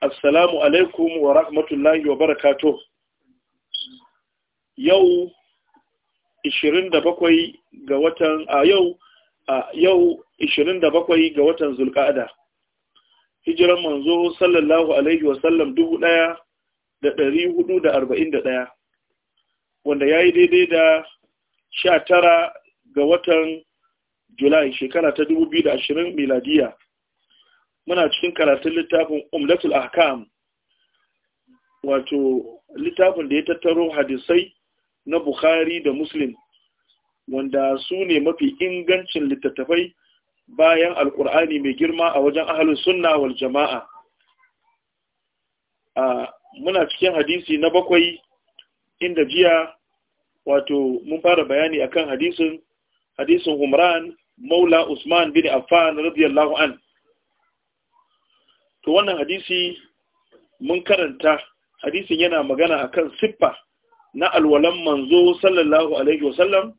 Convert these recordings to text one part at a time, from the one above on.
assalamu alaikum wa rahmatullahi wa barakato yau 27 ga watan a yau a yau 27 ga watan zulqa'ada hijiran manzo sallallahu alaihi wa sallam 1441 wanda yayi daidai da 19 ga watan julai shekara ta 2020 miladiya muna cikin karatun littafin umlatul ahkam wato littafin da ya tattaro hadisai na bukhari da muslim wanda su ne mafi ingancin littattafai bayan alkur'ani mai girma a wajen ahalin sunna wal jama'a a muna cikin hadisi na bakwai inda jiya wato mun fara bayani akan hadisin hadisin umran maula usman bin affan radiyallahu an to wannan hadisi mun karanta hadisin yana magana akan siffa na alwalan manzo sallallahu alaihi wasallam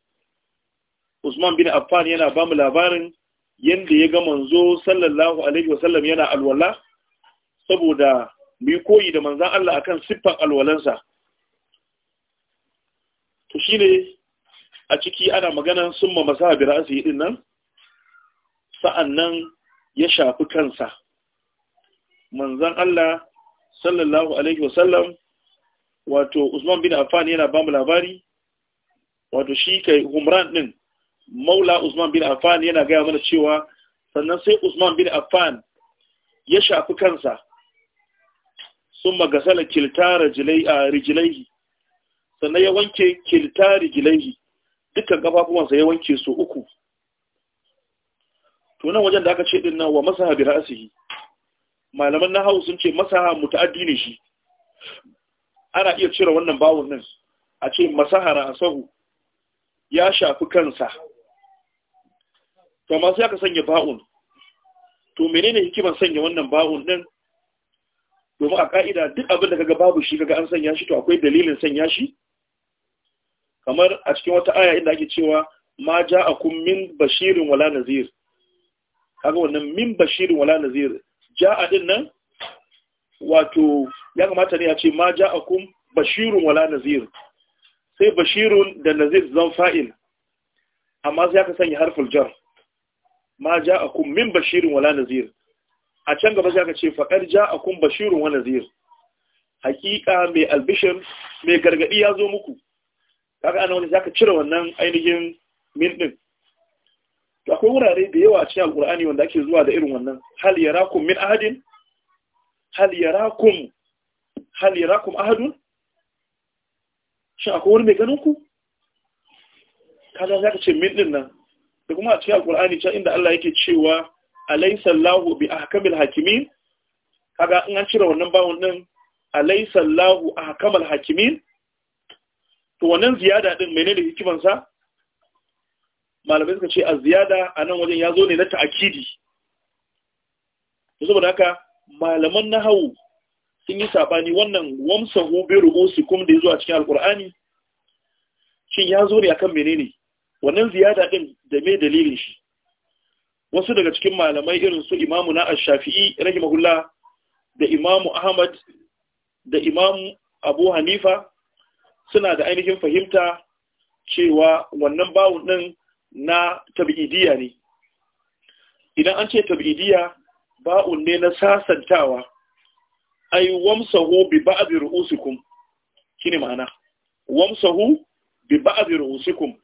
Usman bin Affan yana ba mu labarin yadda ya ga manzo sallallahu alaihi wasallam yana alwala saboda mu koyi da manzan Allah akan siffan alwalansa to shine a ciki ana maganan summa masahabi ra'si din nan sa'annan ya shafi kansa manzan Allah sallallahu alaihi wasallam wato Usman bin Affan yana ba mu labari wato shi kai Umran din Maula Usman bin Affan yana gaya mana cewa sannan sai Usman bin Affan ya shafi kansa sun magasala a rijilai sannan ya wanke kiltara rijilai dukkan kafafuwansa ya wanke su uku To nan wajen da aka ce din nan wa masa habi ra'asihi malaman nahawu sun ce masaha muta'addi ne shi ana iya cire wannan bawon nan a ce masahara asahu ya shafi kansa to masu yaka sanya ba'un to menene hikiman sanya wannan ba'un din domin a ka'ida duk abin da kaga babu shi kaga an sanya shi to akwai dalilin sanya shi kamar a cikin wata aya inda ake cewa ma ja'akum min bashirin wala nazir kaga wannan min bashirin wala nazir ja'a din nan wato ya kamata ne ya ce ma kun bashirun wala nazir sai bashirun da nazir zan fa'il amma sai aka sanya harful jar ma kun min Bashirun wala nazir a can gaba sai aka ce a kun bashirun wala nazir hakika mai albishir mai gargadi ya zo muku kaga anan wani zaka cire wannan ainihin min din to akwai wurare da yawa a cikin alkur'ani wanda ake zuwa da irin wannan hal yarakum min ahadin hal yarakum hal yarakum ahadun shin akwai wani mai ganin ku za zaka ce min din nan da kuma a cikin alkur'ani can inda Allah yake cewa alaysa Allahu bi ahkamil hakimin kaga in an cire wannan bawon din alaysa Allahu ahkamul hakimin to wannan ziyada din menene hikimansa malamai suka ce a ziyada a nan wajen ya zo ne na ta'akidi saboda haka malaman na nahawu sun yi saɓani wannan wamsahu bi kuma da zuwa cikin alkur'ani shin ya zo ne kan menene wannan ziyada ɗin da me dalilin shi wasu daga cikin malamai irin su imamu na ashafi'i rage mahulla da imamu ahmad da imamu abu hanifa suna da ainihin fahimta cewa wannan bawun ɗin na tab'idiyya ne idan an ce tab'idiyya ba'un ne na sasantawa ai wamsahu bi ba'd ru'usikum kine ma'ana wamsahu bi ba'd ru'usikum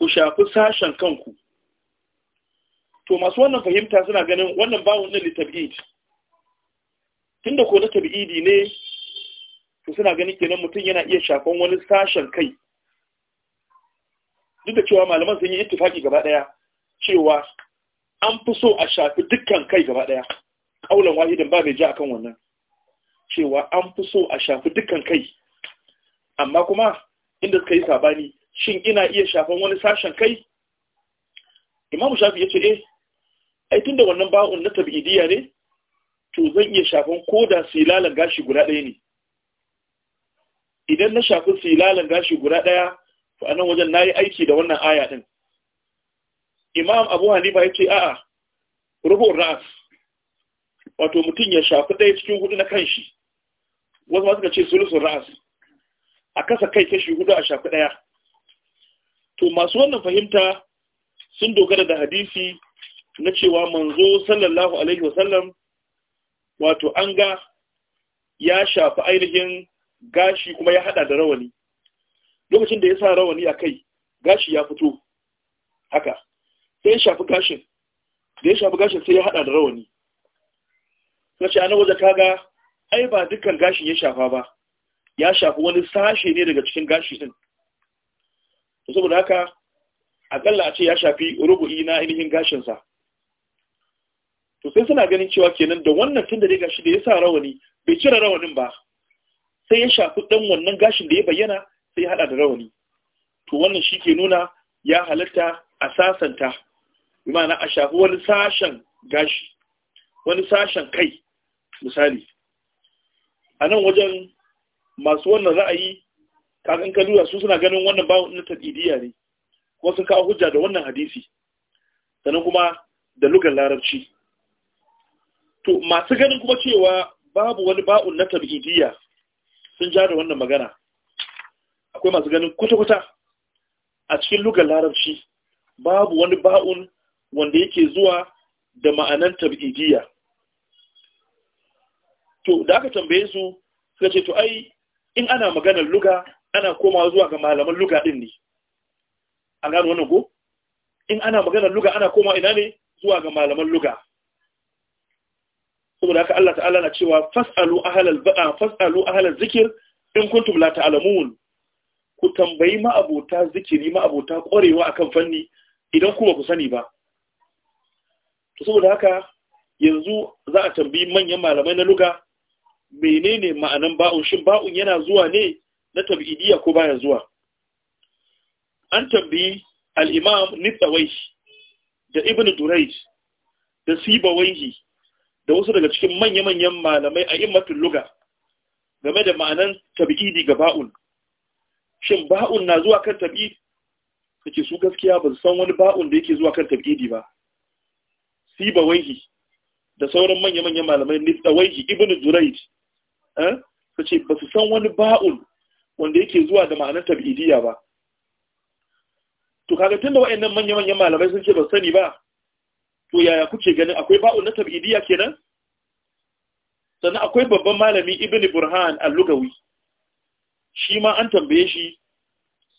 ku shafi sashen kanku to masu wannan fahimta suna ganin wannan bawon ɗin litab'id tunda ko na tab'idi ne to suna ganin kenan mutum yana iya shafan wani sashen kai duk da cewa malaman sun yi ittifaki gaba daya cewa an fi so a shafi dukkan kai gaba daya kaulan wahidin ba mai ji akan wannan cewa an fi so a shafi dukkan kai amma kuma inda suka yi sabani shin ina iya shafan wani sashen kai imam shafi ya ce eh ai tunda wannan ba'un na tabi'idiyya ne to zan iya shafan da silalan gashi guda ɗaya ne idan na shafi silalan gashi guda ɗaya Fa anan wajen nayi aiki da wannan aya din imam abu hanifa yace a'a rubu ra'as wato mutum ya shafi ɗaya cikin hudu na kanshi wasu masu ce sulusun ra'as a kasa kai kashi hudu a shafi ɗaya to masu wannan fahimta sun dogara da hadisi na cewa manzo sallallahu alaihi wasallam wato an ga ya shafi ainihin gashi kuma ya hada da rawani lokacin da ya sa rawani a kai gashi ya fito haka sai ya shafi gashin da ya shafi gashin sai ya hada da rawani sai ce ana waje kaga ai ba dukkan gashin ya shafa ba ya shafi wani sashe ne daga cikin gashi din to saboda haka akalla a ce ya shafi rubu'i na ainihin gashinsa to sai suna ganin cewa kenan da wannan tun da gashi da ya sa rawani bai cire rawanin ba sai ya shafi dan wannan gashin da ya bayyana sai ya hada da rawani to wannan shi ke nuna ya halatta a sasanta imana a shafi wani sashen gashi wani sashen kai misali a nan wajen masu wannan ra'ayi kakan kalura su suna ganin wannan bawon na tadidiyya ne kuma sun kawo hujja da wannan hadisi sannan kuma da lugar larabci to masu ganin kuma cewa babu wani ba'un na tabi'idiyya sun ja da wannan magana akwai masu ganin kwata-kwata a cikin lugar larabci babu wani ba'un wanda yake zuwa da ma'anan tabidiyya to da aka tambaye su suka ce to ai in ana maganar luga ana komawa zuwa ga malaman luga din ne an gano wannan ko in ana maganar luga ana komawa ina ne zuwa ga malaman luga saboda haka Allah ta'ala na cewa fas'alu ahlal ba'a fas'alu ahlal zikr in kuntum la ta'lamun ku tambayi ma'abota zikiri ma'abota ƙwarewa kan fanni idan kuma ku sani ba to saboda haka yanzu za a tambayi manyan malamai na luga menene ma'anan ba'un shin ba'un yana zuwa ne na tabi'idiyya ko baya zuwa an tambayi al nitsawai da ibn Durais da Siba sibawaihi da wasu daga cikin manya-manyan malamai a immatun luga game da ma'anan tabi'idi ga ba'un shin ba'un na zuwa kan tabi kace su gaskiya ba san wani ba'un da yake zuwa kan tabidi ba ba waihi da sauran manya-manyan malamai da waihi ibn zuraid eh kace ba su san wani ba'un wanda yake zuwa da ma'anar tabidiyya ba to kaga tunda wayannan manya-manyan malamai sun ce ba sani ba to yaya kuke ganin akwai ba'un na tabidiyya kenan sannan akwai babban malami ibn burhan al-lugawi shi ma an tambaye shi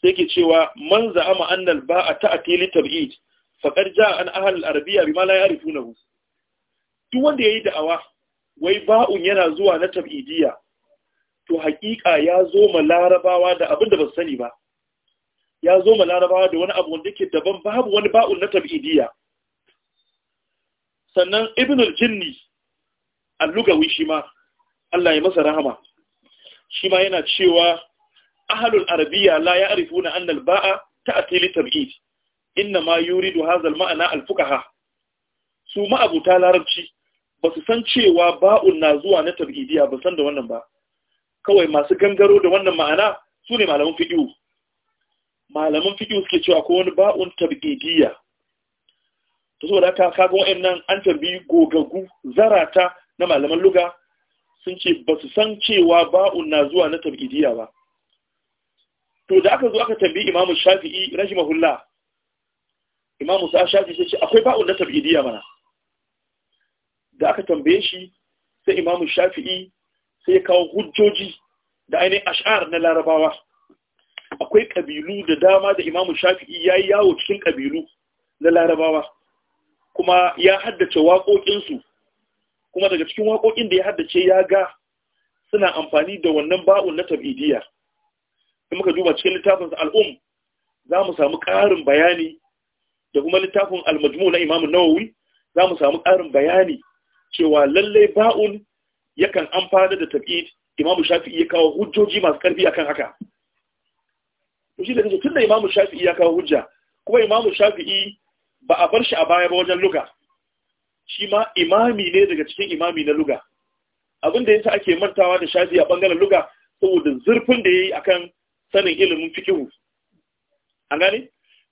sai ke cewa man za'ama annal a ta'a li tab'id faqad ja'a an ahlul arabiyya bima la ya'rifunahu duk wanda ya yi da'awa wai ba'un yana zuwa na tab'idiyya to hakika ya zo ma larabawa da abin da ba sani ba ya zo ma larabawa da wani abu wanda yake daban babu wani ba'un na tab'idiyya sannan ibn al-jinni al-lugawi shi ma Allah ya masa rahama shi ma yana cewa ahalul arabiyya la ya arifu na annal baa a li tabi'id inna ma yuridu hadha al ma'ana al ha. su ma'abuta larabci ba su san cewa ba'un na zuwa na tabi'idiya ba san da wannan ba kawai masu gangaro da wannan ma'ana su ne malaman fiqh malaman fiqh suke cewa ko wani ba'un ta so da haka kaga wa'annan an tarbi gogaggu zarata na malaman luga sun ce ba su san cewa ba'un na zuwa na tabidiyya ba to da aka zo aka tambayi imamu shafi'i mahulla, imamu sa shafi sai ce akwai ba'un na tabidiyya mana da aka tambaye shi sai imamu shafi'i sai ya kawo hujjoji da ainihin ash'ar na larabawa akwai ƙabilu da dama da imamu shafi'i ya yi yawo cikin ƙabilu na larabawa kuma ya haddace waƙoƙinsu kuma daga cikin waƙoƙin da ya haddace ya ga suna amfani da wannan ba'un na tabidiyya in muka duba cikin littafin al'um za mu samu ƙarin bayani da kuma littafin al na Imam Nawawi za mu samu ƙarin bayani cewa lallai ba'un yakan amfana da tabid Imam Shafi'i ya kawo hujjoji masu ƙarfi akan haka to shi da kace tunda Imam Shafi'i ya kawo hujja kuma Imam Shafi'i ba a bar shi a baya ba wajen luka shi ma imami ne daga cikin imami na luga abin da yasa ake mantawa da shafi a bangaren luga saboda zurfin da yayi akan sanin ilimin fikihu an gane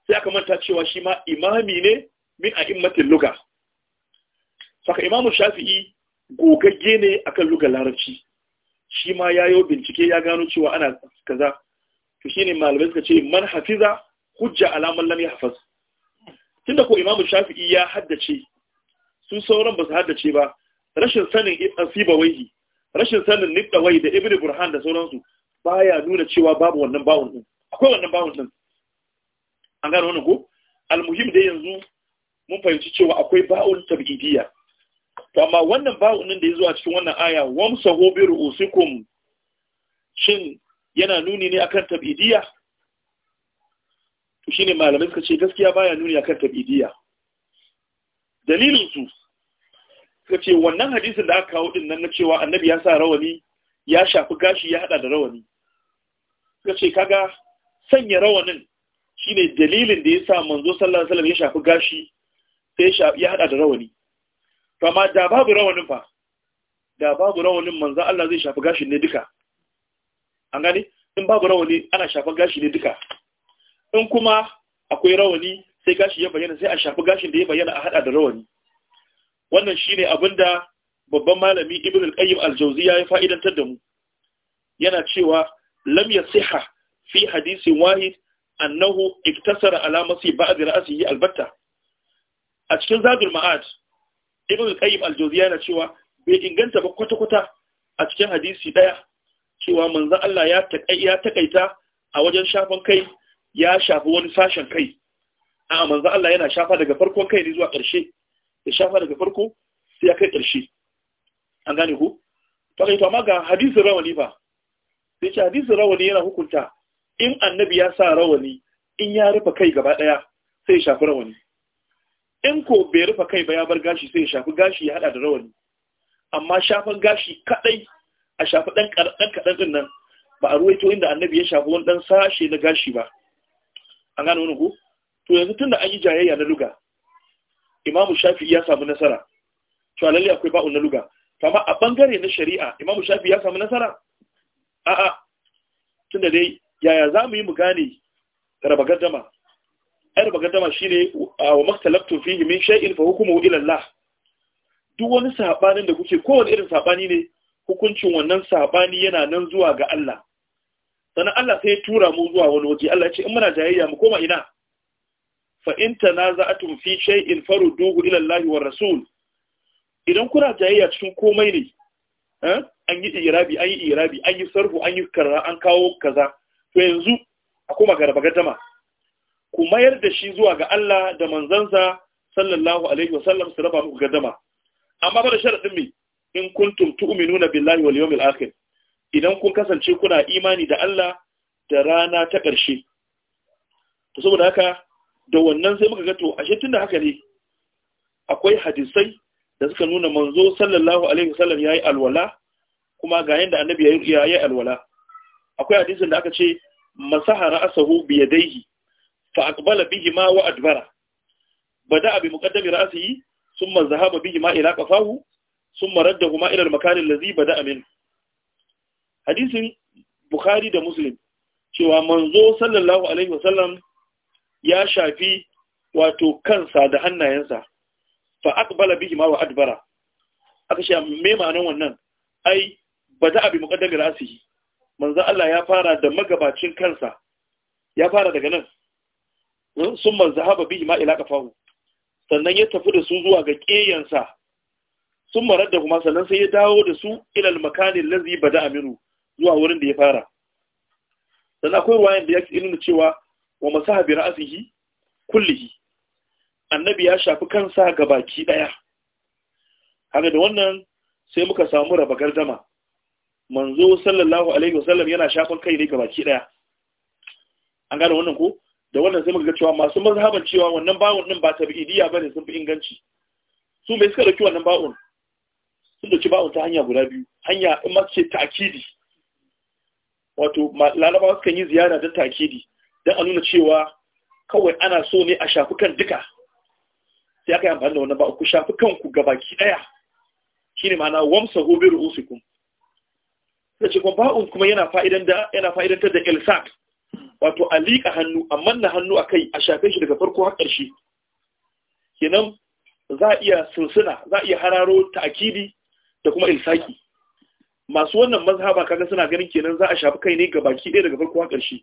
sai aka manta cewa shi ma imami ne min a immatin luga saka imamu shafi'i gogagge ne akan luga larabci shi ma yayo bincike ya gano cewa ana kaza to shine malamai suka ce man hafiza hujja alamar man lam tunda ko imamu shafi'i ya haddace su sauran ba su haddace ba rashin sanin sibawaihi rashin sanin nibdawai da ibnu burhan da sauransu baya nuna cewa babu wannan bawon din akwai wannan bawon din an gano wannan ko almuhim da yanzu mun fahimci cewa akwai ba'ul tabidiyya to amma wannan bawun din da yazo a cikin wannan aya wamsahu bi ru'usikum shin yana nuni ne akan tabidiyya to shine malamai suka ce gaskiya baya nuni akan tabidiyya dalilin su ce wannan hadisin da aka kawo din nan na cewa annabi ya sa rawani ya shafi gashi ya hada da rawani Ka ce kaga sanya rawanin shine dalilin da ya sa manzo sallallahu alaihi wasallam ya shafi gashi sai ya hada da rawani to amma da babu rawanin fa da babu rawanin manzo Allah zai shafi gashi ne duka an gane in babu rawani ana shafa gashi ne duka in kuma akwai rawani sai gashi ya bayyana sai a shafi gashin da ya bayyana a hada da rawani wannan shine abinda babban malami ibn al-qayyim al-jawziya ya fa'idantar da mu yana cewa lam yasiha fi hadisin wahid annahu iktasara ala masi ba'd ra'sihi albatta a cikin zadul ma'ad ibn al-qayyim al yana cewa bai inganta ba kwata-kwata a cikin hadisi daya cewa manzon Allah ya takaita a wajen shafan kai ya shafi wani sashen kai a manzo Allah yana shafa daga farko kai ne zuwa ƙarshe ya shafa daga farko sai ya kai ƙarshe an gane ku to kai to amma ga hadisin rawani fa sai ce hadisin rawani yana hukunta in annabi ya sa rawani in ya rufe kai gaba daya sai ya shafi rawani in ko bai rufe kai ba ya bar gashi sai ya shafi gashi ya hada da rawani amma shafan gashi kadai a shafi dan kadan kadan din nan ba a ruwaito inda annabi ya shafi wani dan sashe na gashi ba an gane wani ku to yanzu tun da an yi jayayya na luga imamu shafi ya samu nasara to lalle akwai ba'un na luga kama a bangare na shari'a imamu shafi ya samu nasara a'a tun da dai yaya za mu yi mu gane raba gaddama ai raba gaddama shine wa maktalaftu fihi min shay'in fa hukumu ila Allah duk wani sabanin da kuke kowane irin sabani ne hukuncin wannan sabani yana nan zuwa ga Allah sannan Allah sai ya tura mu zuwa wani waje Allah ya ce in muna jayayya mu koma ina fa in tanaza'atum fi shay'in farudduhu ila ilallahi wa Rasul idan kuna jayayya cikin komai ne eh, an yi irabi an yi irabi an yi sarfu an yi karra an kawo kaza to yanzu a kuma garba gadama ku mayar da shi zuwa ga Allah da manzansa sallallahu alaihi wa sallam su raba muku gadama amma ba da sharadin me in kuntum tu'minuna billahi wal yawmil akhir idan kun kasance kuna imani da Allah da rana ta ƙarshe to saboda haka da wannan sai muka ga to ashe tunda haka ne akwai hadisai da suka nuna manzo sallallahu alaihi wasallam yayi alwala kuma ga yanda annabi yayi alwala akwai hadisin da aka ce masaha ra'sahu bi yadayhi fa aqbala bihi ma wa adbara bada bi muqaddami ra'sihi thumma zahaba bihi ma ila qafahu thumma raddahuma ila al-makan alladhi bada min hadisin bukhari da muslim cewa manzo sallallahu alaihi wasallam ya shafi wato kansa da hannayensa fa aqbala bihi ma wa adbara aka shi me ma'anar wannan ai ba a bi muqaddami ra'sihi manzo Allah ya fara da magabacin kansa ya fara daga nan hmm? sun manzo haba bihi ma ila kafahu sannan ya tafi da su zuwa ga ƙeyansa sun marar da kuma sannan sai ya dawo da su ilal makanin lazi bada aminu zuwa wurin da ya fara sannan akwai ruwayan da ya nuna cewa wa masaha bi ra'sihi kullihi annabi ya shafi kansa ga baki daya haka da wannan sai muka samu raba gardama manzo sallallahu alaihi wasallam yana shafin kai ne ga baki daya an gane wannan ko da wannan sai muka ga cewa masu mazhaban cewa wannan bawon din ba ta tabi'idiyya bane sun fi inganci su mai suka dauki wannan bawon sun dauki bawon ta hanya guda biyu hanya in ma ce ta'kidi wato lalaba suka yi ziyara don ta'kidi don a nuna cewa kawai ana so ne a shafi kan duka sai aka yi amfani da wannan ba ku shafi kanku gabaki ɗaya shi ne ma'ana wamsa gobe ru'usikum da ce kuma ba'un kuma yana fa'idantar da ilsak wato alika hannu a manna hannu a kai a shafe shi daga farko har ƙarshe kenan za a iya sunsuna za a iya hararo ta'akidi da kuma ilsaki masu wannan mazhaba kaga suna ganin kenan za a shafi kai ne ga baki ɗaya daga farko har ƙarshe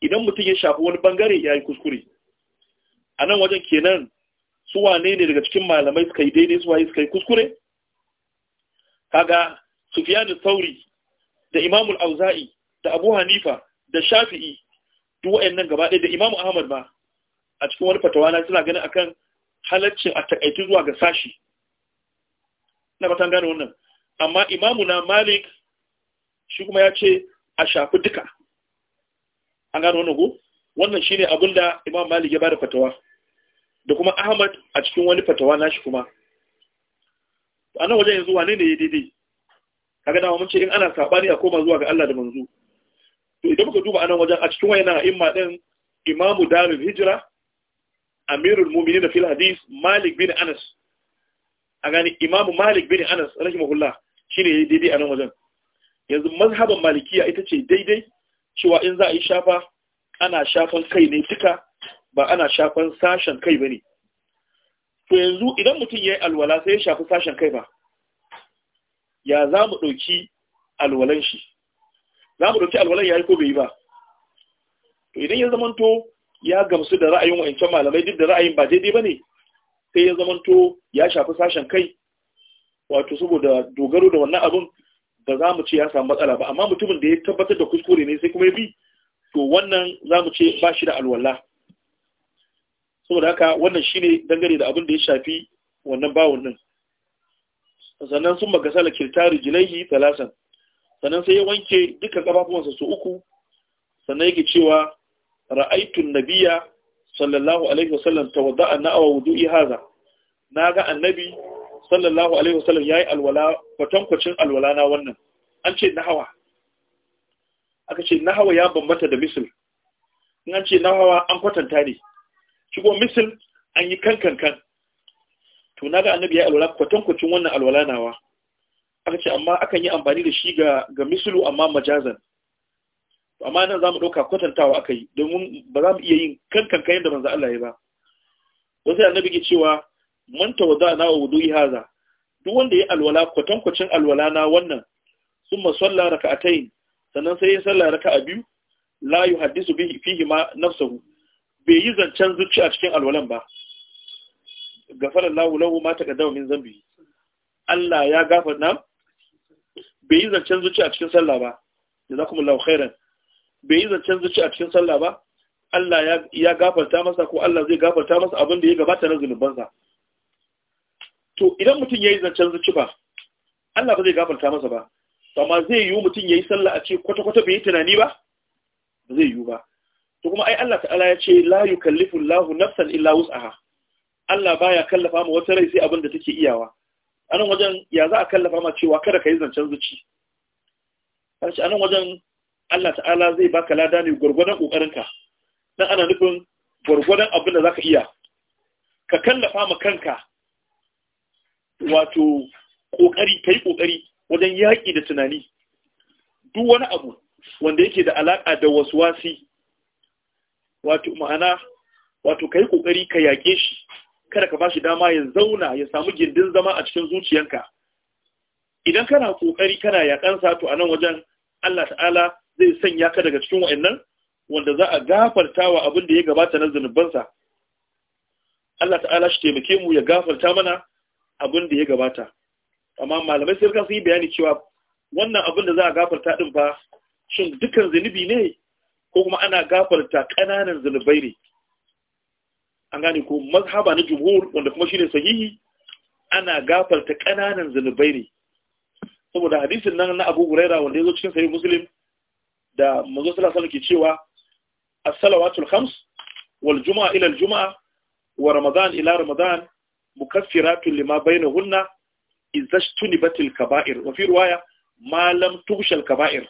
idan mutum ya shafi wani bangare ya yi kuskure a nan wajen kenan su wane ne daga cikin malamai suka yi daidai su waye suka yi kuskure kaga sufiyanu sauri da imamul auza'i da abu hanifa da shafi'i duk wayannan gaba ɗaya da imamu ahmad ma a cikin wani fatawa na suna ganin akan halaccin a takaitu zuwa ga sashi na batan gane wannan amma imamu na malik shi kuma ya ce a shafi duka an gano wannan ko wannan shine abin da imam malik ya bada fatawa da kuma ahmad a cikin wani fatawa nashi kuma a nan wajen yanzu wane ne ya daidai kaga dama mun ce in ana saɓani a koma zuwa ga Allah da manzo to idan muka duba a nan wajen a cikin wayannan imma din imamu darul hijra amirul mu'minin fil hadith malik bin anas a gani imamu malik bin anas rahimahullah shine ya daidai a nan wajen yanzu mazhaban malikiya ita ce daidai cewa in za a yi shafa ana shafan kai ne duka ba ana shafan sashen kai ba ne to yanzu idan mutum ya yi alwala sai ya shafi sashen kai ba ya za mu ɗauki alwalan shi za mu ɗauki alwalan ya yi ko bai yi ba to idan ya zamanto ya gamsu da ra'ayin wa'ancan malamai duk da ra'ayin ba daidai ba ne sai ya zamanto ya shafi sashen kai wato saboda dogaro da wannan abun. ba za mu ce ya samu matsala ba amma mutumin da ya tabbatar da kuskure ne sai kuma ya bi to wannan za mu ce ba shi da alwala saboda haka wannan shi ne dangane da abin da ya shafi wannan bawon nan sannan sun magasala kirtari jilaihi talasan sannan sai ya wanke dukkan kafafuwansa su uku sannan yake cewa ra'aitun nabiya sallallahu alaihi wasallam tawadda'a na'awa wudu'i haza ga annabi sallallahu alaihi wasallam yayi alwala kwatankwacin alwala na wannan an ce nahawa aka ce nahawa ya bambanta da misil in an ce nahawa an kwatanta ne shi kuma misil an yi kankan kan to naga annabi ya alwala kwatankwacin wannan alwala nawa aka ce amma akan yi amfani da shi ga ga misilu amma majazan amma nan zamu dauka kwatantawa akai yi domin ba za mu iya yin kankan kan yadda manzo Allah ya ba wasu annabi ke cewa man tawada na wudu'i haza duk wanda ya alwala kwatankwacin alwala na wannan summa salla raka'atayn sannan sai ya salla raka'a biyu la yuhaddisu bihi fihi ma nafsuhu bai yi zancen zuci a cikin alwalan ba gafarar lahu lahu ma taqaddama min zambi Allah ya gafarta bai yi zancen zuci a cikin sallah ba jazakumullahu khairan bai yi zancen zuci a cikin sallah ba Allah ya gafarta masa ko Allah zai gafarta masa abin da ya gabata na zunubansa to idan mutum ya yi zancen zuci ba Allah ba zai gafarta masa ba amma zai yiwu mutum ya yi sallah a ce kwata-kwata bai yi tunani ba ba zai yiwu ba to kuma ai Allah ta'ala ya ce la yukallifu Allahu nafsan illa wus'aha Allah baya kallafa ma wata rai sai abin da take iyawa anan wajen ya za a kallafa ma cewa kada ka yi zancen zuci a anan wajen Allah ta'ala zai baka lada ne gurgurdan kokarinka dan ana nufin gurgurdan abin da zaka iya ka kallafa ma kanka wato kokari kai kokari wajen yaƙi da tunani duk wani abu wanda yake da alaƙa da waswasi wato ma'ana wato kai kokari ka yaƙe shi kada ka bashi dama ya zauna ya samu gindin zama a cikin zuciyanka idan kana kokari kana yakan sa to anan wajen Allah ta'ala zai sanya ka daga cikin wa'annan wanda za a gafarta wa abin da ya gabata na zunubansa Allah ta'ala shi taimake mu ya gafarta mana abin da ya gabata amma malamai sai ka yi bayani cewa wannan abin da za a gafarta din fa shin dukan zunubi ne ko kuma ana gafarta ƙananan zunubai ne an gane ko mazhaba na jumhur wanda kuma shine sahihi ana gafarta ƙananan zunubai ne saboda hadisin nan na Abu Huraira wanda ya yazo cikin sahih Muslim da manzo sallallahu alaihi ke cewa as-salawatul khams wal Juma'a ila al jumaa wa ramadan ila ramadan mukaffiratun lima bainahunna izashtunibatil kaba'ir wa fi riwaya ma lam tughshal kaba'ir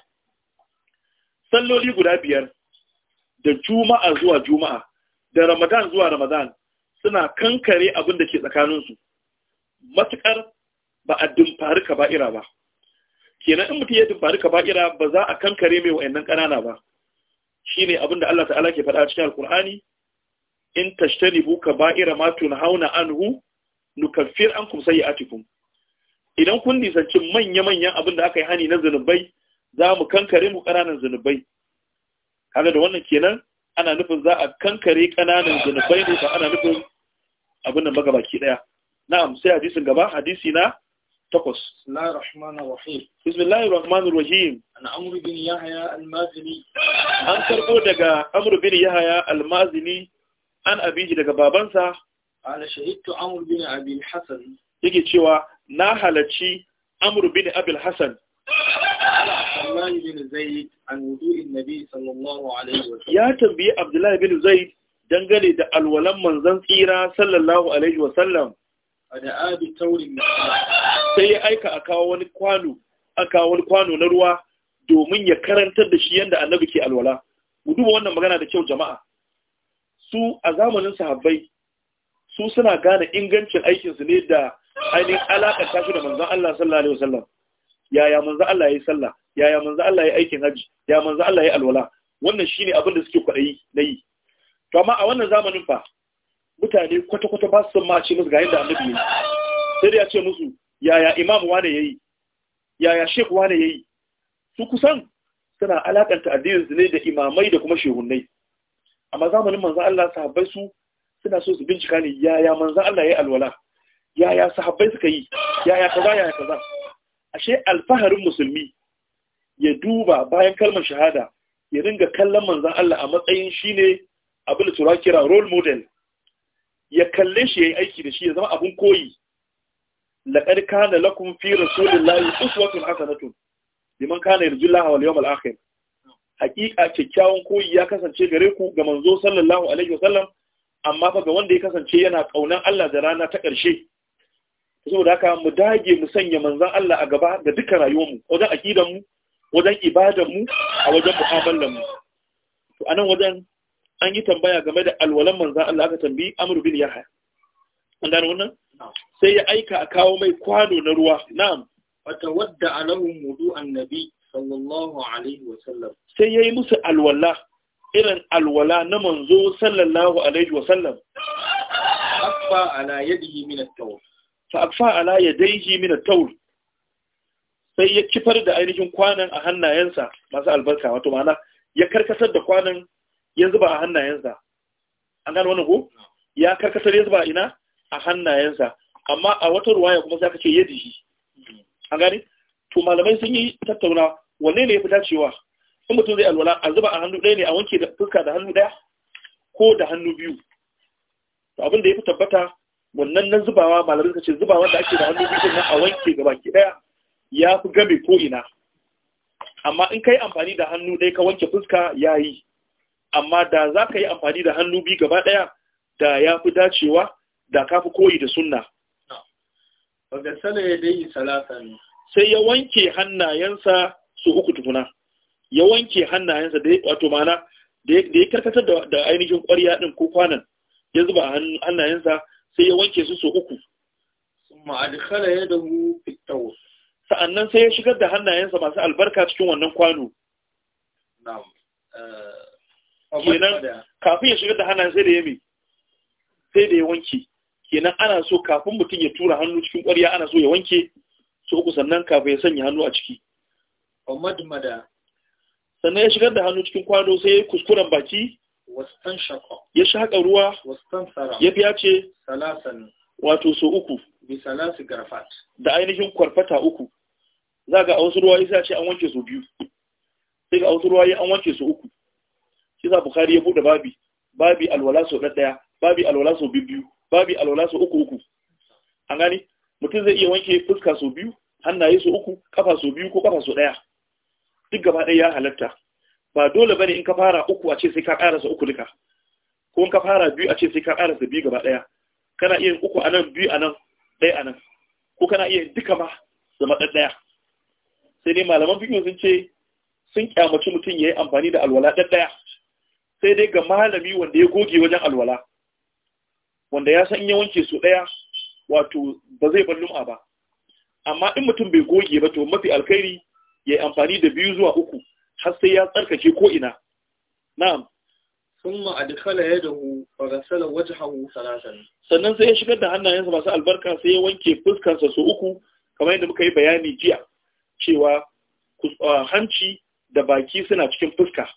salloli guda biyar da juma'a zuwa juma'a da ramadan zuwa ramadan suna kankare abin da ke tsakaninsu matukar ba a dumfari kaba'ira ba kenan in mutum ya dumfari kaba'ira ba za a kankare mai wa'annan ƙanana ba shine abin da Allah ta'ala ke faɗa cikin alkur'ani in tashtanibu kaba'ira ma tunhauna anhu nukaffir ankum sayyi'atikum idan kun nisanci manya-manyan abin da aka yi hani na zunubai za mu kankare mu ƙananan zunubai kaga da wannan kenan ana nufin za a kankare ƙananan zunubai ne ba ana nufin abin da maga baki ɗaya na'am sai hadisin gaba hadisi na takwas bismillahir rahmanir rahim an amru bin yahya al-mazini an karbo daga amru bin yahya al-mazini an abiji daga babansa ala shahidtu amr bin abi hasan yake cewa na halarci amr bin abi hasan Abdullahi bin Zaid an wudu'in Nabi sallallahu alaihi wa sallam ya tambayi Abdullahi bin Zaid dangane da alwalan manzon tsira sallallahu alaihi wa sallam da abi taurin sai ya aika a kawo wani kwano a wani kwano na ruwa domin ya karantar da shi yadda annabi ke alwala mu duba wannan magana da kyau jama'a su a zamanin sahabbai su suna gane ingancin aikinsu ne da ainihin alaƙanta shi da manzan Allah sallallahu Alaihi wasallam yaya manzan Allah ya yi sallah yaya manzan Allah ya yi aikin hajji yaya manzan Allah ya yi alwala wannan shi ne abin da suke kwaɗayi na yi to amma a wannan zamanin fa mutane kwata-kwata ba su san ma ce musu ga yadda annabi ya sai dai ya ce musu yaya imam wane ya yi yaya shek wane ya yi su kusan suna alaƙanta addinin su ne da imamai da kuma shehunnai amma zamanin manzan Allah sahabbai su suna so su bincika ne yaya manzan Allah ya yi alwala yaya sahabbai suka yi yaya kaza yaya kaza ashe alfaharin musulmi ya duba bayan kalmar shahada ya ringa kallon manzan Allah a matsayin shine abin da tura kira role model ya kalle shi ya yi aiki da shi ya zama abun koyi laƙar kana lakum fi rasulillahi uswatun hasanatun liman kana yarjullaha wal yawmal akhir haƙiƙa kyakkyawan koyi ya kasance gare ku ga manzo sallallahu alaihi wasallam amma fa ga wanda ya kasance yana ƙaunar Allah da rana ta ƙarshe saboda haka mu dage mu sanya manzan Allah a gaba da duka rayuwarmu wajen aƙidanmu, wajen ibadanmu, a wajen mu'amalan mu to nan wajen an yi tambaya game da alwalan manzan Allah aka tambayi Amur bin Yahya an gano wannan sai ya aika a kawo mai kwano na ruwa na'am wadda alamun mudu annabi sallallahu alaihi wa sallam sai yi musu alwala irin alwala na manzo sallallahu alaihi wa sallam akfa ala yadihi min at-tawr fa akfa ala yadihi min at-tawr sai ya kifar da ainihin kwanan a hannayensa masu albarka wato ma'ana ya karkasar da kwanan ya zuba a hannayensa an gano wani ko ya karkasar ya zuba ina a hannayensa amma a wata ruwaya kuma za ka ce yadihi an gane to malamai sun yi tattauna wanne ne ya fi dacewa in mutum zai alwala a zuba a hannu ɗaya ne a wanke fuska da hannu ɗaya ko da hannu biyu to abin da ya fi tabbata wannan nan zubawa malamin ka ce zubawa da ake da hannu biyu na a wanke gaba ki ɗaya ya fi game ko ina amma in ka yi amfani da hannu ɗaya ka wanke fuska ya yi amma da za ka yi amfani da hannu biyu gaba ɗaya da ya fi dacewa da ka fi koyi da sunna sai ya wanke hannayensa su uku tukuna ya wanke hannayensa da wato mana da ya karkatar da ainihin ƙwarya ɗin ko kwanan ya zuba a hannayensa sai ya wanke su so uku ma'adikala ya damu fitawo sa'annan sai ya shigar da hannayensa masu albarka cikin wannan kwano eh, kenan kafin ya shigar da hannayen sai da ya mai sai da ya wanke kenan ana so kafin mutum ya tura hannu cikin ƙwarya ana so ya wanke so uku sannan kafin ya sanya hannu a ciki Mada. sannan ya shigar da hannu cikin kwano sai ya kuskuren baki ya shaƙa ruwa ya biya ce wato so uku da ainihin kwarfata uku za ga wasu ruwa ya ce an wanke su biyu sai ga wasu ruwa ya an wanke su uku shi za bukari ya buɗe babi babi alwala so ɗaya babi alwala so biyu babi alwala so uku uku an gani mutum zai iya wanke fuska so biyu hannaye so uku kafa so biyu ko kafa so ɗaya duk gaba ɗaya ya halatta ba dole bane in ka fara uku a ce sai ka karasa uku duka ko in ka fara biyu a ce sai ka karasa biyu gaba ɗaya kana iya yin uku nan, biyu a nan, ɗaya a nan, ko kana iya yin duka ma zama ɗaya sai dai malaman fiƙo sun ce sun kyamaci mutum ya yi amfani da alwala ɗaya sai dai ga malami wanda ya goge wajen alwala wanda ya san yawanci su ɗaya wato ba zai bar lum'a ba amma in mutum bai goge ba to mafi alkhairi ya yi amfani da biyu zuwa uku har sai ya tsarkake ko ina na'am thumma adkhala yadahu fa ghasala wajhahu sanatan. sannan sai ya shigar da hannayensa masu albarka sai ya wanke fuskarsa su uku kamar yadda muka yi bayani jiya cewa hanci da baki suna cikin fuska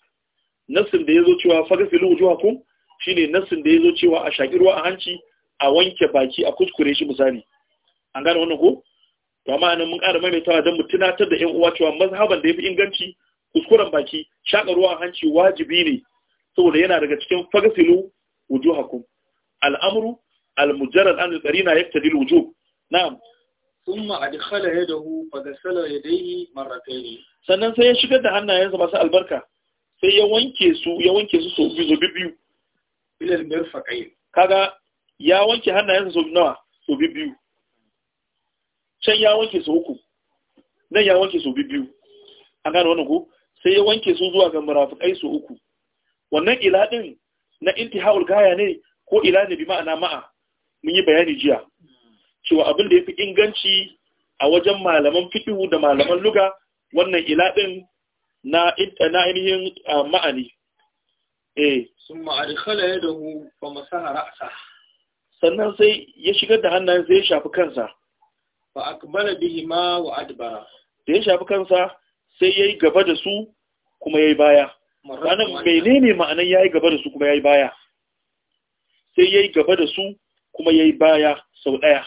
nassin da ya zo cewa kun, shi shine nassin da ya zo cewa a shaki ruwa a hanci a wanke baki a kuskure shi misali an gane wannan ko to amma nan mun ƙara maimaitawa don mu tunatar da 'yan uwa cewa mazhaban da ya fi inganci kuskuren baki shaƙa ruwan hanci wajibi ne saboda yana daga cikin fagasilu wujuhakum al'amru al-mujarrad an al na yadda dil wujo na'am thumma adkhala yadahu faghasala yadayhi marratayn sannan sai ya shigar da hannayensa masu albarka sai ya wanke su ya wanke su so biyu biyu ila al-mirfaqayn kaga ya wanke hannayensa so nawa so biyu can ya wanke su uku nan ya wanke su biyu A gane wani ku. sai ya wanke su zuwa ga murafikai su uku wannan ila din na intihaul gaya ne ko ila ne bi ma'ana ma'a mun yi bayani jiya cewa abin da yafi inganci a wajen malaman fiqhu da malaman luga wannan ila din na na ainihin ma'ani eh summa adkhala yadahu fa masaha ra'sa sannan sai ya shigar da hannayen sai ya shafi kansa fa akbala bihima wa adbara da ya shafi kansa sai yayi gaba da su kuma yayi baya ranar menene ma'anan yayi gaba da su kuma yayi baya sai yayi gaba da su kuma yayi baya sau daya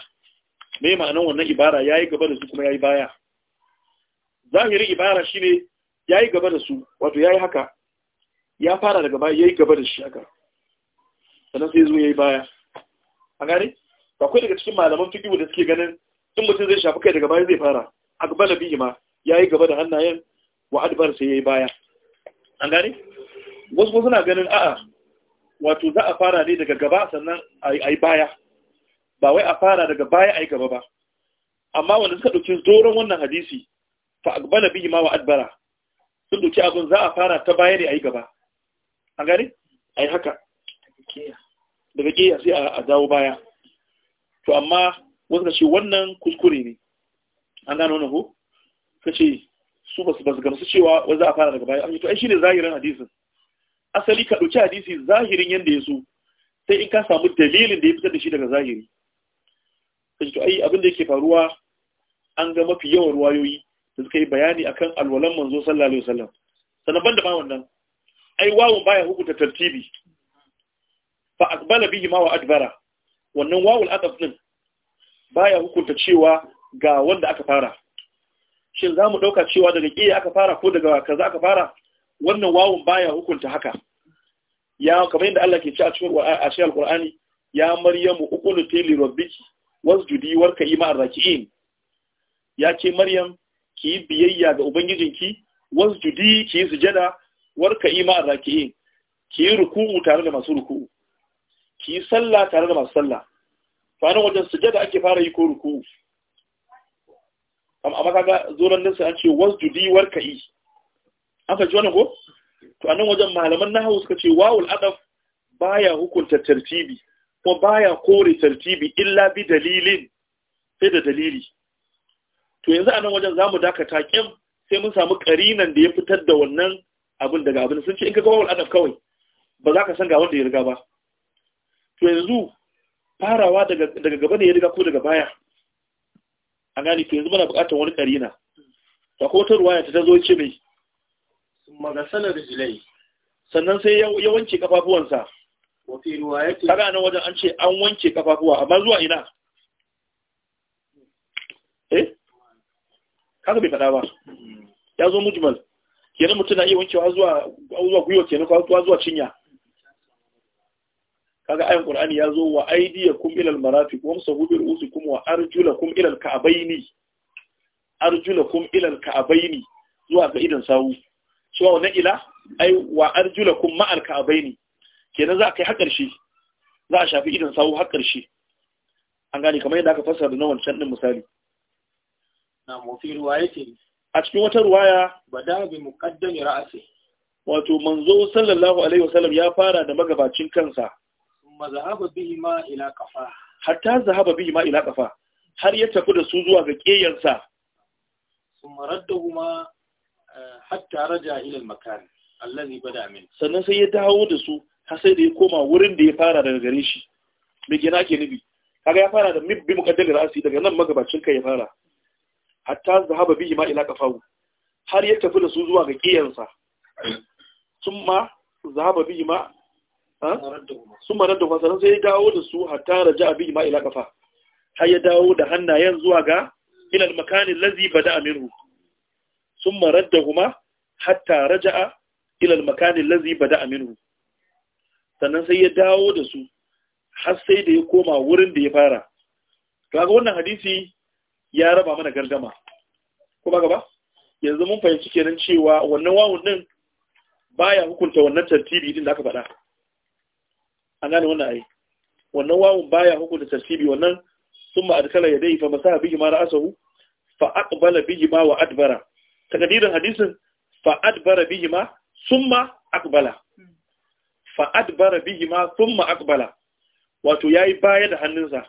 me ma'anan wannan ibara yayi gaba da su kuma yayi baya zahirin ibara shine yayi gaba da su wato yayi haka ya fara daga baya yayi gaba da shi haka sannan sai zo yayi baya a gare akwai daga cikin malaman fiqh da suke ganin in mutum zai shafi kai daga baya zai fara akbala biyu ma ya yi gaba da hannayen wa adbar sai ya yi baya an gani wasu wasu na ganin a'a wato za a fara ne daga gaba sannan a yi baya ba wai a fara daga baya a yi gaba ba amma wanda suka ɗauki doron wannan hadisi fa akbala biyu ma wa adbara sun ɗauki abin za a fara ta baya ne a yi gaba an a yi haka daga ƙiya sai a dawo baya to amma wasu ka ce wannan kuskure ne an gano na ko ka ce su ba su gamsu cewa wanda a fara daga baya amince to ai ne zahirin hadisin asali ka ɗauki hadisi zahirin yadda ya so sai in ka samu dalilin da ya fitar da shi daga zahiri ce to ai abin da yake faruwa an ga mafi yawan ruwayoyi da suka yi bayani akan alwalan manzo sallallahu alaihi wasallam sannan da ba wannan ai wawun baya hukunta tartibi fa aqbala bihi ma wa adbara wannan wawul adaf din baya hukunta cewa ga wanda aka fara shin za mu ɗauka cewa daga ƙiya aka fara ko daga kaza aka fara wannan wawun baya hukunta haka ya kamar yadda Allah ke ci a cikin a qurani ya Maryamu uquluti tili rabbiki wasjudi warka ima arraki'in ya ce Maryam ki yi biyayya ga ubangijinki wasjudi ki yi sujada warka ima arraki'in ki yi ruku'u tare da masu ruku'u ki yi sallah tare da masu sallah fa'anin wajen sujada ake fara yi ko ruku amma kaga zuran nan sai an ce wasjudi warka'i an ji wannan ko to anan wajen malaman nahwu suka ce wawul adaf baya hukunta tartibi ko baya kore tartibi illa bi dalilin sai da dalili to yanzu anan wajen zamu dakata kin sai mun samu karinan da ya fitar da wannan abin daga abin sun ce in ka ga wawul adaf kawai ba za ka san ga wanda ya riga ba to yanzu farawa daga gaba ne ya riga ko daga baya a gani to yanzu na buƙatar wani ƙarina ta ko ta ruwaya ta zo ce mai magasalar jilai sannan sai ya wanke kafafuwansa Ta ruwayati wajen an ce an wanke kafafuwa amma zuwa ina eh kaga bai faɗa ba hmm. ya zo mujimal kenan mutum na iya wankewa zuwa zuwa gwiwa kenan ko zuwa cinya kaga ayin qur'ani ya zo wa aydiyakum ila almarafiq wamsahu bi ru'usikum wa arjulakum ila alka'baini arjulakum ila alka'baini zuwa ga idan sawu so wannan ila ai wa arjulakum ma alka'baini kenan za ka yi har ƙarshe za a shafi idan sawu har an gane kamar yadda aka fassara da na can din misali na mafi ruwaya ce a cikin wata ruwaya bada bi muqaddami ra'asi. wato manzo sallallahu alaihi wasallam ya fara da magabacin kansa thumma bihi ma ila qafa hatta zahaba ma ila kafa har ya tafi da su zuwa ga keyansa thumma raddahuma eh, hatta raja ila makan allazi bada min sannan sai ya dawo da su har sai da ya koma wurin da ya fara daga gare shi me kenan ke nubi kaga ya fara da mibbi mukaddal rasi daga nan magabacin kai ya fara hatta zahaba bihi ma ila kafa har ya tafi da su zuwa ga kiyansa summa zahaba bihi ma sun marar da kwasarar sai ya dawo da su hatta raja abin ma ila kafa har ya dawo da hannayen zuwa ga ilal makanin lazi bada aminu sun marar da kuma hatta a ilal makanin lazi bada aminu sannan sai ya dawo da su har sai da ya koma wurin da ya fara kaga wannan hadisi ya raba mana gargama kuma gaba yanzu mun fahimci kenan cewa wannan wawun din baya hukunta wannan tartibi din da aka faɗa an gane wannan ai wannan wawun baya hukunta tartibi wannan summa adkala yadayhi fa masaha bihi ma ra'asahu fa aqbala bihi ma wa adbara Takadirin hadisin fa adbara bihi ma summa aqbala fa adbara bihi ma summa aqbala wato yayi baya da hannunsa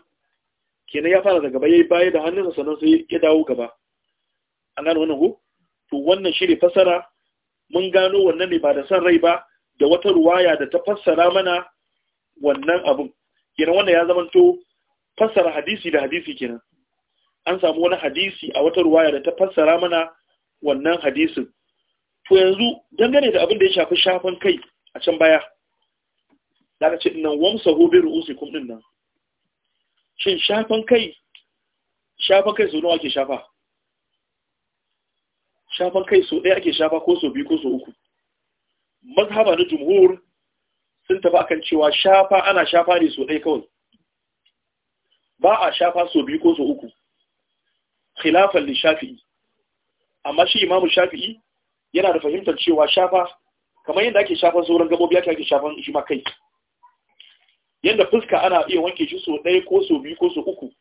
kenan ya fara daga gaba yayi baya da hannunsa sannan sai ya dawo gaba an gane wannan ko to wannan shi ne fasara mun gano wannan ne ba da san rai ba da wata ruwaya da ta fassara mana wannan abin kenan wanda ya zamanto fassara hadisi da hadisi kenan an samu wani hadisi a wata ruwaya da ta fassara mana wannan hadisin to yanzu dangane da abin da ya shafi shafan kai a can baya da ka ce nan wamsa hobe ru'usi kum din nan shin shafan kai shafan kai so nawa ke shafa shafan kai so ɗaya ake shafa ko so biyu ko so uku mazhaba na jumhur sun tafi akan cewa shafa ana shafa ne so ɗaya kawai ba a shafa so biyu ko so uku khilafan li shafi'i amma shi imamu shafi'i yana da fahimtar cewa shafa kamar yadda ake shafan sauran gabobi ake ake shafan shi ma kai yadda fuska ana iya wanke shi so ɗaya ko so biyu ko so uku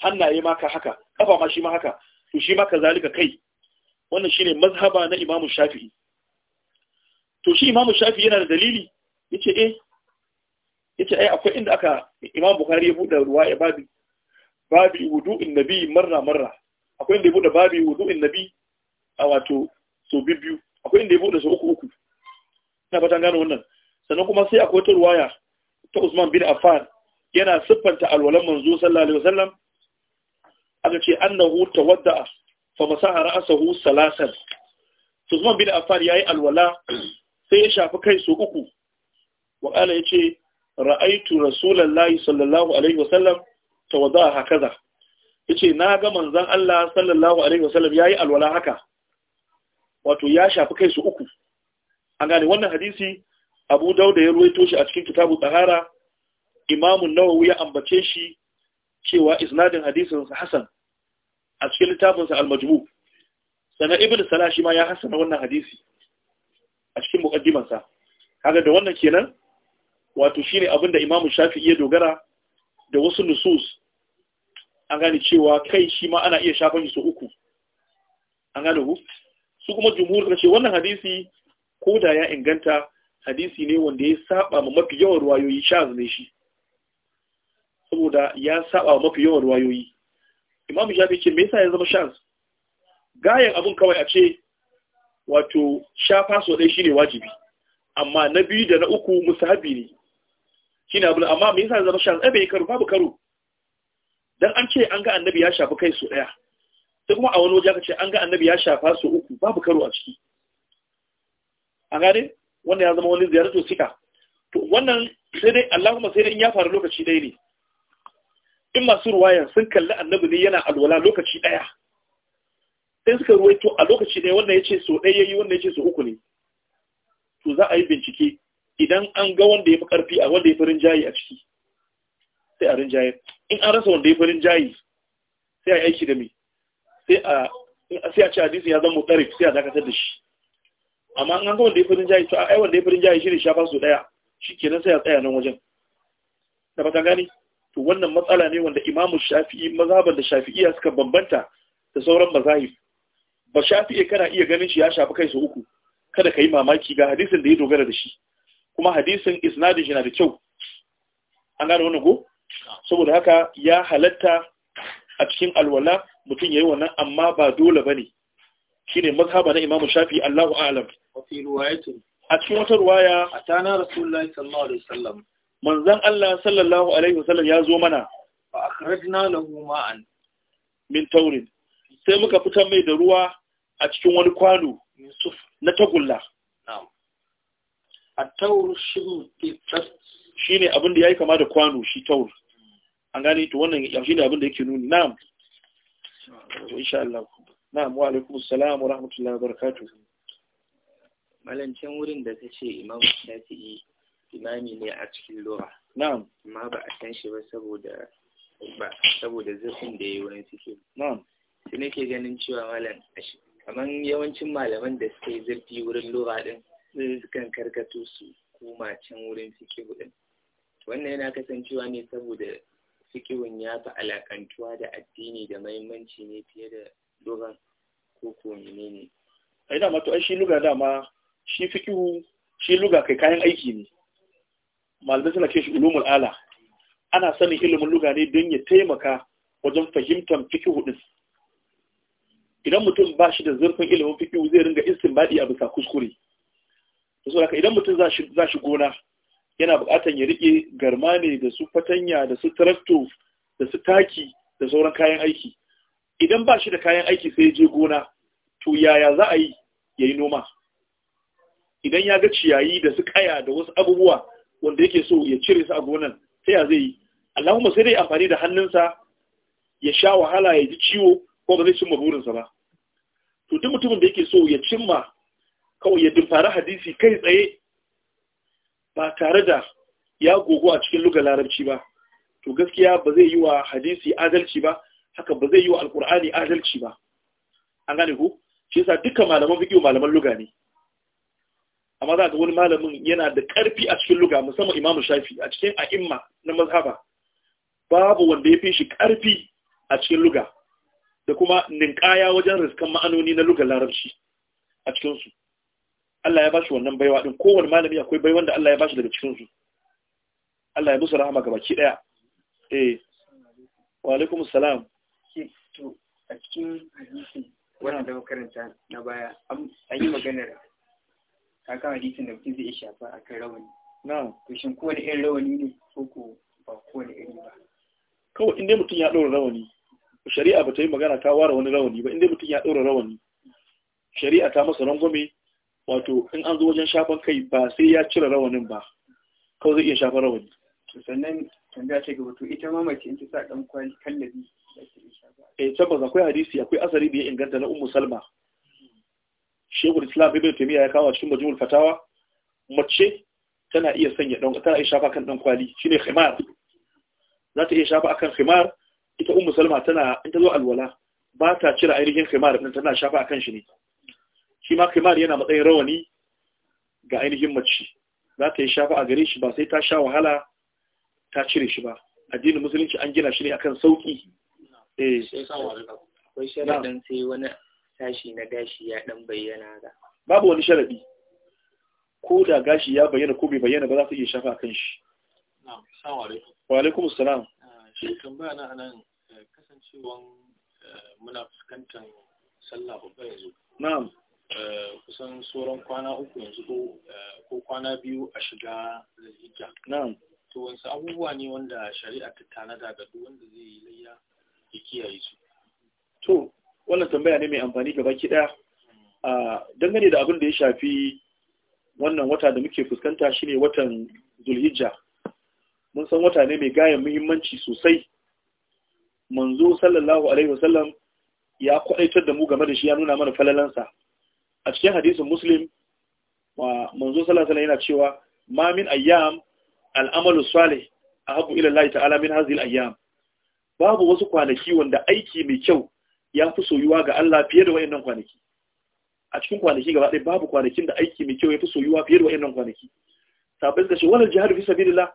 hannaye ma ka haka kafa ma shi ma haka to shi ma kazalika kai wannan shine mazhaba na imamu shafi'i to shi imamu shafi'i yana da dalili yace eh yace ai akwai inda aka Imam Bukhari ya buɗe ruwa ya babi babi wudu'in nabi marra marra akwai inda ya buɗe babi wudu'in nabi a wato so biyu akwai inda ya buɗe so uku uku ina fatan gano wannan sannan kuma sai akwai ta ruwaya ta Usman bin Affan yana siffanta alwalan manzo sallallahu alaihi wasallam aka ce annahu tawadda'a fa masaha ra'sahu salasan Usman bin Affan yayi alwala sai ya shafi kai so uku wa ya ce ra'aitu rasulallahi sallallahu alaihi wasallam ta haka za? ya ce na ga manzan Allah sallallahu alaihi wasallam ya yi alwala haka wato ya shafi kai su uku an gane wannan hadisi abu dauda ya ruwaito shi a cikin kitabu tsahara imamun nawawi ya ambace shi cewa isnadin hadisinsa hasan a cikin littafinsa al-majmu sannan ibn salah shi ma ya hasana wannan hadisi a cikin muqaddimarsa kaga da wannan kenan wato shine abin da imamu Shafi iya dogara da wasu nusus an gane cewa kai shi ma ana iya shafan su uku an gane hu su kuma jumhur da ce wannan hadisi ko da ya inganta hadisi ne wanda ya saba ma mafi yawan ruwayoyi sha ne shi saboda ya saba ma mafi yawan ruwayoyi imamu shafi ce me yasa ya zama sha? gayan abun kawai a ce wato shafa so dai shine wajibi amma na biyu da na uku musahabi ne shine abul amma me yasa zama shafi bai karo babu karo dan an ce an ga annabi ya shafi kai su daya sai kuma a wani waje aka ce an ga annabi ya shafa su uku babu karo a ciki an gane wannan ya zama wani ziyarar sika to wannan sai dai Allahumma sai dai in ya faru lokaci ɗaya ne in masu ruwaya sun kalli annabi ne yana alwala lokaci ɗaya sai suka ruwaito a lokaci ɗaya wannan ya ce so ɗaya yayi wannan ya ce so uku ne to za a yi bincike idan an ga wanda ya fi ƙarfi a wanda ya fi rinjaye a ciki sai a rinjaye in an rasa wanda ya fi rinjaye sai a yi aiki da mai sai a ci hadisin ya zama mutarif sai a dakatar da shi amma an ga wanda ya fi rinjaye to ai wanda ya fi rinjaye shi ne shafa su ɗaya shi kenan sai a tsaya nan wajen da ba ta gani to wannan matsala ne wanda imamu shafi'i mazhaban da shafi'iya suka bambanta da sauran mazahib ba shafi'i kana iya ganin shi ya shafi kai su uku kada ka yi mamaki ga hadisin da ya dogara da shi kuma hadisin isnadin shi na da kyau an gane wani ko saboda haka ya halatta a cikin alwala mutum ya yi wannan amma ba dole ba ne shi ne mazhaba na imamu shafi allahu alam a cikin wata ruwaya a tana rasulullahi sallallahu alaihi wasallam manzan allah sallallahu alaihi wasallam ya zo mana Ba a akhrajna lahu ma'an min taurin sai muka fitar mai da ruwa a cikin wani kwano na tagulla a taur shi ne abin da ya yi kama da kwano shi taur an gani to wannan shi ne abin da yake nuni na'am to insha Allah na'am wa alaikum assalam wa rahmatullahi wa barakatuh malancin wurin da ta ce imam shafi'i imami ne a cikin lura na'am amma ba a san shi ba saboda ba saboda zurfin da yayi wani suke na'am sai nake ganin cewa malam kaman yawancin malaman da suke zafi wurin lura din Eh. sukan karkato su koma can wurin fikihu din wannan yana kasancewa ne saboda fikihun ya fi alakantuwa da addini da mahimmanci ne fiye da lugan ko ko ne ai dama to ai shi luga dama shi fikihu shi luga kai kayan aiki ne malamai suna ce shi ulumul ala ana sanin ilimin luga ne don ya taimaka wajen fahimtar fikihu din idan mutum ba shi da zurfin ilimin fikihu zai ringa baɗi a bisa kuskure to so haka idan mutum za shi gona yana buƙatar ya rike garma ne da su fatanya da su tarakto da su taki da sauran kayan aiki idan ba shi da kayan aiki sai ya je gona to yaya za a yi ya yi noma idan ya ga ciyayi da su kaya da wasu abubuwa wanda yake so ya cire su a gonan ta ya zai yi allahumma sai dai amfani da hannunsa ya sha wahala ya ji ciwo ko ba zai cimma burinsa ba to duk mutumin da yake so ya cimma kawai ya dimfara hadisi kai tsaye ba tare da ya gogo a cikin lugar larabci ba to gaskiya ba zai yi wa hadisi adalci ba haka ba zai yi wa alkur'ani adalci ba an gane ku shi yasa duka malaman fiqh malaman luga ne amma za ga wani malamin yana da ƙarfi a cikin luga musamman imamu shafi a cikin a'imma na mazhaba babu wanda ya fi shi ƙarfi a cikin luga da kuma ninkaya wajen riskan ma'anoni na lugar larabci a cikinsu Allah ya bashi wannan baiwa din kowanne malami akwai baiwan da Allah ya bashi daga cikin su Allah ya musu rahama gabaki daya eh wa alaikum salam to a cikin hadisi wannan da karanta na baya an yi magana da kaka hadisi da mutum zai shafa akan rawani na to shin kowane irin rawani ne ko ko ba ko kowane irin ba kawai inda mutum ya ɗora rawani shari'a ba ta yi magana ta ware wani rawani ba inda mutum ya ɗora rawani shari'a ta masa rangwame wato in an zo wajen shafan kai ba sai ya cire rawanin ba kawai zai iya shafa rawani sannan tambaya ce gaba to ita ma mace in ta sa dan kwali kallabi eh tabbas akwai hadisi akwai asari da ya inganta na ummu salma shehu islam ibn taymiya ya kawo cikin majmu'ul fatawa mace tana iya sanya dan tana iya shafa kan dan kwali shine khimar za ta iya shafa akan khimar ita ummu salma tana in ta zo alwala ba ta cire ainihin khimar din tana shafa akan shi ne shi ma kimar yana matsayin rawani ga ainihin mace za ta yi shafa a gare shi ba sai ta sha wahala ta cire shi ba addinin musulunci an gina shi ne akan sauki eh. wani na bayyana babu wani sharaɗi. ko da gashi ya bayyana ko bai bayyana ba za su iya shafa kan shi na'am assalamu alaikum wa alaikum ah, na anan eh, kasancewan eh, muna fuskantar sallah babba yanzu Eh, kusan sauran kwana uku yanzu eh, ko kwana biyu a shiga zulhijja na'am to wasu abubuwa ne wanda shari'a ta tanada ga duk wanda zai yi layya ya kiyaye su to wannan tambaya ne mai amfani gaba ki daya hmm. a dangane da abin da ya shafi wannan wata da muke fuskanta shine watan zulhijja mun san wata ne mai gayan muhimmanci sosai manzo sallallahu alaihi wasallam ya kwa'itar da mu game da shi ya nuna mana falalansa a cikin hadisin muslim wa manzo sallallahu yana cewa ma min ayyam al'amalu salih ahabu ila Allah ta'ala min hazil ayyam babu wasu kwanaki wanda aiki mai kyau ya fi soyuwa ga Allah fiye da wayannan kwanaki a cikin kwanaki gaba ɗaya babu kwanakin da aiki mai kyau ya fi soyuwa fiye da wayannan kwanaki sabbin da shi wala jihad fi sabilillah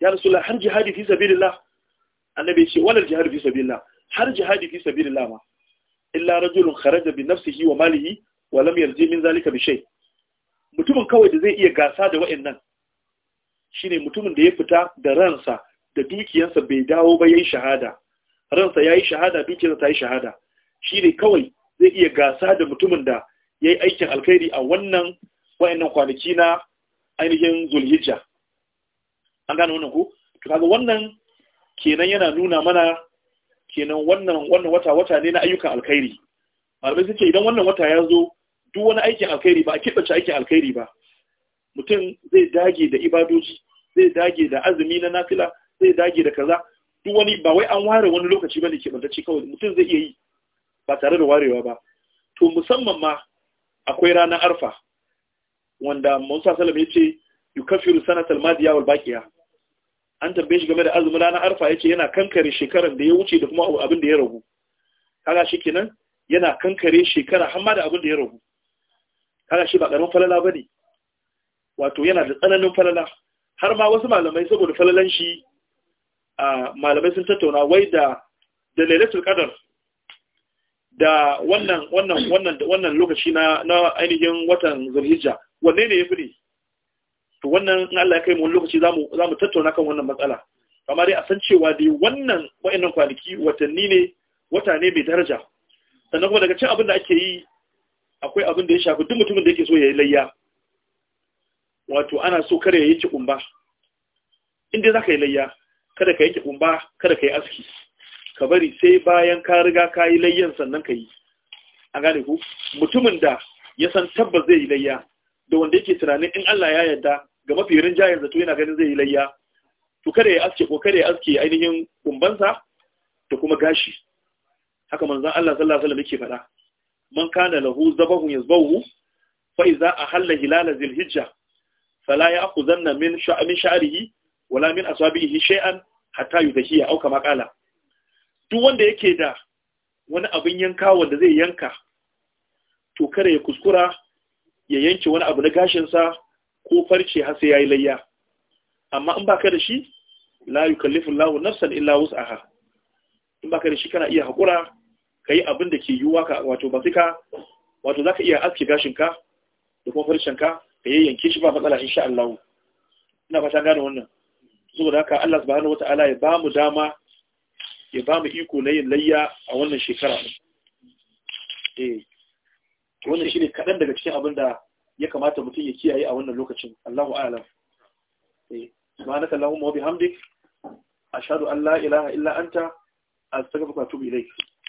ya rasulullah har jihadi fi sabilillah annabi ce wala jihad fi sabilillah har jihadi fi sabilillah ma illa rajulun kharaja bi nafsihi wa malihi walam yarji min zalika bishai mutumin kawai da zai iya gasa da wa'annan shine mutumin da ya fita da ransa da dukiyarsa bai dawo ba yayin shahada ransa yayi shahada dukiyarsa ta yi shahada shine kawai zai iya gasa da mutumin da yayi aikin alkhairi a wannan wa'annan kwanaki na ainihin zulhijja an gane wannan ko to kaga wannan kenan yana nuna mana kenan wannan wannan wata wata ne na ayyukan alkhairi malamai suke idan wannan wata ya zo duk wani aikin alkhairi ba a kibace aikin alkhairi ba mutum zai dage da ibadoji zai dage da azumi na nafila zai dage da kaza duk wani ba wai an ware wani lokaci bane ke bantace kawai mutum zai iya yi ba tare da warewa ba to musamman ma akwai ranar arfa wanda Musa Salam ya ce yukaffiru sanatal madiya wal baqiya an tambaye shi game da azumi ranar arfa ya ce yana kankare shekaran da ya wuce da kuma abin da ya ragu kaga shikenan yana kankare shekara har ma da abin da ya ragu kaga shi ba karamin falala ba ne? wato yana da tsananin falala har ma wasu malamai saboda falalan shi a malamai sun tattauna wai da da lailatul qadar da wannan wannan wannan wannan lokaci na na ainihin watan zulhijja wanne ne yafi ne to wannan in Allah ya kai mu lokaci zamu zamu tattauna kan wannan matsala kamar dai a san cewa dai wannan wayannan kwanaki watanni ne wata ne bai daraja sannan kuma daga cin abin da ake yi akwai abin da ya shafi duk mutumin da yake so ya yi layya wato ana so kare ya yanke kumba inda za ka yi layya kada ka yanke kumba kada ka yi aski ka bari sai bayan ka riga ka yi layyan sannan ka yi A gane ku mutumin da ya san tabbas zai yi layya da wanda yake tunanin in Allah ya yarda ga mafi rinjayen zato yana ganin zai yi layya to kada ya aske ko kada ya aske ainihin kumbansa da kuma gashi haka manzon Allah sallallahu alaihi wasallam yake faɗa man kana lahu zabahu yazbahu fa idza ahalla hilal zil hijja fala ya'khuzanna min sha'min sha'rihi wala min asabihi shay'an hatta yudahiya au kama makala. duk wanda yake da wani abin yanka wanda zai yanka to kare ya kuskura ya yanke wani abu na gashinsa ko farce har sai yayi layya amma in baka da shi la yukallifu Allahu nafsan illa wus'aha in baka da shi kana iya hakura ka yi abin da ke yiwuwa ka wato ba sai ka wato za ka iya aske gashinka da kuma farcenka ka yi yanke shi ba matsala sha Allah ina fata gane wannan saboda haka Allah subhanahu wata'ala ya ba mu dama ya ba mu iko na yin layya a wannan shekara eh wannan shine kadan daga cikin abin da ya kamata mutum ya kiyaye a wannan lokacin Allahu a'lam eh subhanaka allahumma wa bihamdik ashhadu an la ilaha illa anta astaghfiruka wa atubu ilayk